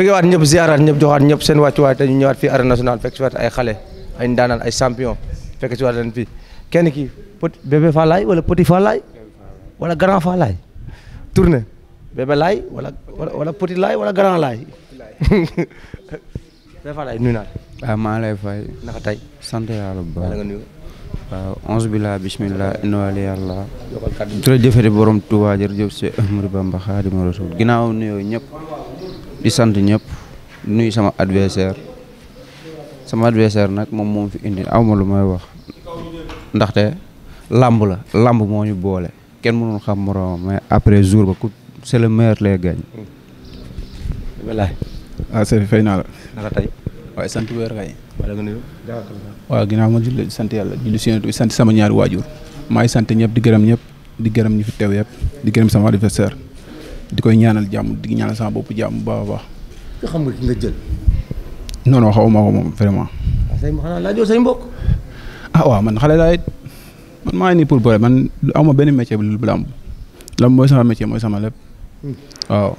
bëggewaat ñëpp ziaraat ñëpp joxaat ñëpp seen wàccuwaay te ñu ñëwaat fii arène nationale fekk si ay xale ay ndaanaan ay champion fekk si waat leen fii kenn kii petit bébé Falaye wala petit Falaye wala grand Falaye tourné bébé Laye wala wala petit Laye wala grand Laye bébé Falaye nuyu naa waaw ah, maa fay naka tey sant yàlla bu baax waaw onze bila bismillah inwali yàlla jërëjëfati borom Tuubaa jërëjëf si Ahmadu Bamba Xaadimu Rasuul ginnaaw nuyoo ñëpp di sant ñëpp nuy nuyu sama adversaire sama adversaire nag moom moom fi indi awma lu may wax ndaxte làmb la làmb moo ñu boole kenn mënul xam moroom mais après jour ba ku c'est le meilleur lay gañ walaay ah sëriñ fay naa la naka tey waaye sant wér kay wala nga nuyu waaw ginnaaw ma julli sant yàlla julli si bi sant sama ñaari waajur maa ngi sant ñëpp di gërëm ñëpp di gërëm ñu fi teew yëpp di gërëm sama adversaire di koy ñaanal jàmm di ñaanal sama bopp jàmm baax a baax. nga xam nga ki nga jël. non non xawma ko moom vraiment. waaw ah, say xanaa laajoo ah, man xale laay man maa ngi nii pour bëre man awma benn métier bu dul làmb làmb mooy sama métier mooy sama lépp hmm. waaw.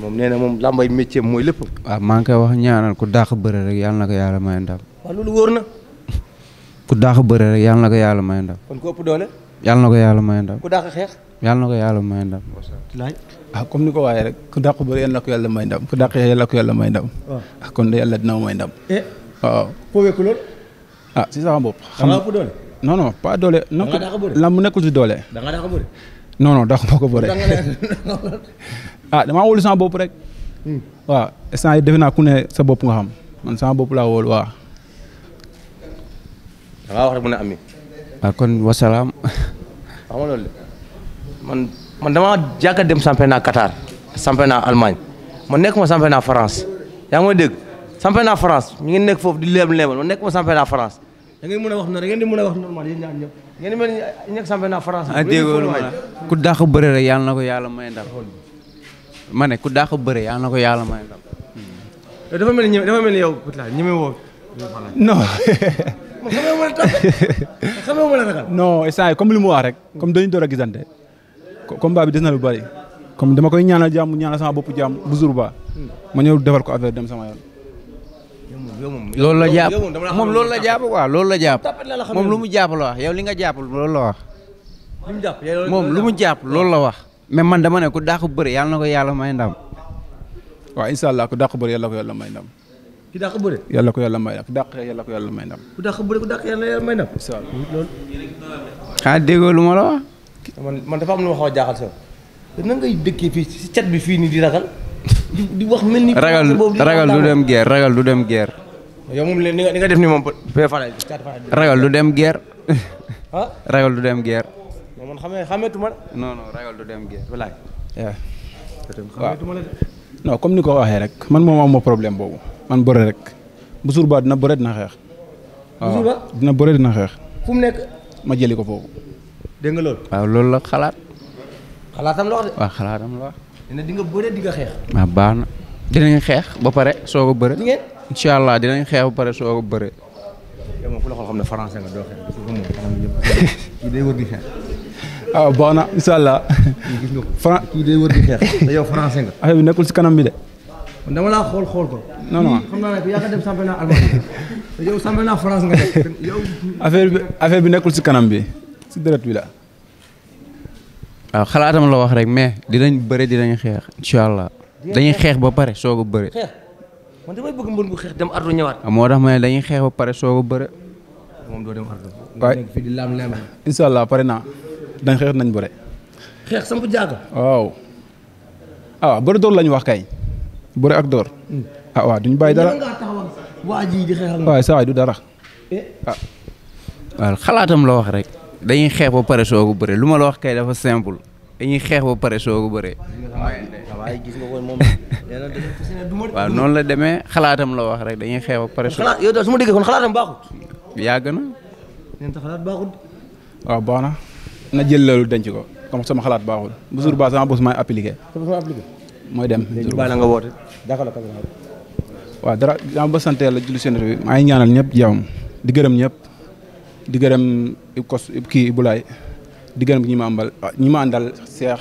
moom nee na moom làmbay métier mooy lépp. waaw ah, maa ngi koy wax ñaanal ku dàq bëre rek yàlla na ko yàlla may ndam. waaw loolu wóor na. ku kon ku ëpp doole. yàlla na ko yàlla may ndam. ku dàq xeex. ko yàlla may ah, comme ni ko waaye rek ku dàq bëri yàlla na ko yàlla may ndam ku dàq xeex yàlla na ko yàlla may ndam. waaw ah, kon de yàlla dina may ndam. eh waaw. koo wekk lool. ah si doole. non non pas ko bëri. ah damaa wóolu sama bopp rek. Hmm. waaw instant defe naa ku sa bopp nga xam man sama bopp laa wóolu waaw. waaw ah, kon wasalaam xam nga loolu man man damaa jàkka dem championnat Qatar championnat Allemagne man nekk ma championnat France yaa ngi may dégg championnat France ñu ngi nekk foofu di leem leemal man nekk ma championnat France da ngeen mën a wax na da ngeen di mën a wax normal yéen ñaar ñëpp ngeen di mel ni nekk championnat France. ah déggoo ma ku dàq bëre rek yàlla na ko yàlla may ndam ma ne ku dàq bëre yàlla na ko yàlla may ndam. dafa mel ni dafa mel ni yow. non. man xamee wala tàppe xamee comme li mu wax rek. comme dañu door a gisante. combat bi des na lu bari. comme dama koy ñaanal jàmm ñaanal sama bopp jàmm bu jour ba. ma ñëw defal ko affaire dem sama moom loolu la jàpp quoi loolu la jàpp. moom lu mu jàpp yow li nga jàpp loolu la wax. moom lu mu jàpp loolu la wax. mais man dama ne ku dàq bëri yàlla na ko yàlla may ndam. waaw incha allah ku dàq bëri yàlla na ko yàlla may ndam. ki dàq bëre. yàlla ko yàlla may ndam ku dàq yàlla ko yàlla may ndam. ku dàq bëre ku dàq yàlla yàlla may ndam. incha allah loolu. ah déggoo lu ma la wax. man man dafa am lu ma xaw a jaaxal sa nan ngay dëkkee fii si cat bi fii nii di ragal. di wax mel ni. ragal ragal du dem guerre ragal du dem guerre. yow moom ni nga def ni moom ragal du dem guerre. ah ragal du dem guerre. man xamee xameetuma la. non non ragal du dem guerre walaay. waaw non comme ni ko waxee rek man moom am ma problème boobu. man bëre rek bu suur ba dina bëre dina xeex. waaw dina bëre dina xeex. fu ma jëli ko foofu. dégg nga loolu. loolu la xalaat. xalaatam la wax de. waaw xalaatam la dina di bëre di xeex. waaw baax na dinañ xeex ba pare soo ko bëre. incha allah dinañ xeex ba pare soo ko bëre. yow la xool xam ne français nga doo ah, baax na incha allah. kii bi nekkul si kanam bi de. dama laa xool xool ko. non non France nga affaire bi affaire bi nekkul si kanam bi si deret bi la. waaw xalaatam la wax rek mais dinañ bëre dinañ xeex incha allah ah, dañuy xeex ba pare soog a bëre. man bu xeex dem ardo ñëwaat. moo tax ma dañuy xeex ba pare soog a bëre. doo dem allah pare naa dañ xeex nañ bëre. xeex samp jaaga. waaw ah bëre door wax kay. bëre ak door. Hmm. ah waaw duñ bàyyi dara waaye saa waay du dara. Eh? ah. xalaatam la wax rek. dañuy xeex ba pare soo ko bëree lu ma la wax kay dafa dañuy xeex pare soo ko bëree. waaw noonu la demee xalaatam la wax rek dañuy xeex ba pare. xalaat yow daal ma déggee kon yàgg na. na jël loolu denc ko comme sama xalaat baaxul. bu baax sama bos maay appliqué. mooy dem. léegi baax na nga waaw dara dama ba sant yàlla julli seen bi maa ñaanal ñëpp jàmm di gërëm ñëpp di gërëm kos kii Ibulaay di gërëm ñi ma àmbal ah, ñi ma àndal seex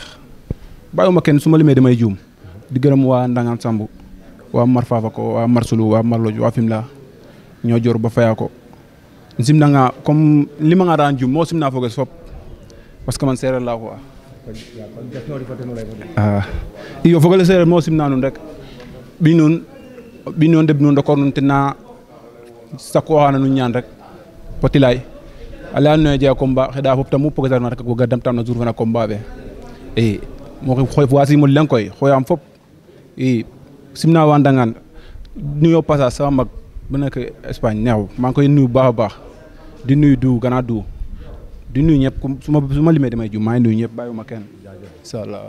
bàyyiwuma kenn su ma limee damay juum di gërëm waa Ndangaan Samb waa Mar Fafako waa Mar Sulu waa Mar Lodj waa Fimela ñoo jor ba fayaa ko sim na nga comme li ma nga daan juum moo sim naa foogee fop parce que man séeréer laa quoi Ah, iyo fogole sereer mo simna nuun rek ɓiy nuun ɓiy nuun deɓ nuun rokor nuun tena saqu oxa na nuun ñaan rek poti laay a leya andoona yee a buga damtaam no jour fe na combat fe i moxi waasiimo leŋ koy xoyaam fop Ndangaan nuyo passage sama mag bu nekk Espagne neexu maa ngi koy nuyu baax baax di nuyu du gana du di nuyu ñëpp ku su ma su ma limee damay jum maa ñëpp bàyyiwuma kenn incha allah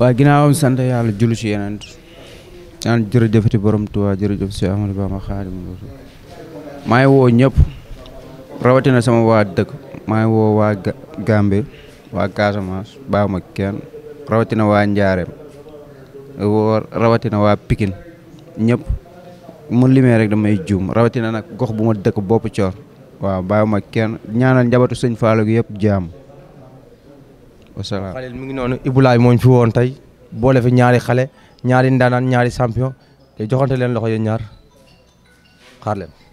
waaw ginnaawam sant yàlla julli si yeneen naan jërëjëfati borom woo ñëpp rawatina sama waa dëkk maa ngi woo waa Gambie waa Casamance bàyyiwuma kenn rawatina waa Njaareem rawatina waa Pikine ñëpp mën limee rek damay juum rawatina nag gox bu ma dëkk bopp coor waaw bàyyi ma kenn ñaanal njabootu sëñ Fallou gi yëpp jaam wasalaam xale mu ngi noonu Ibulaay moo ñu woon tey boole fi ñaari xale ñaari ndaanaan ñaari champion te joxante leen loxo yéen ñaar xaar leen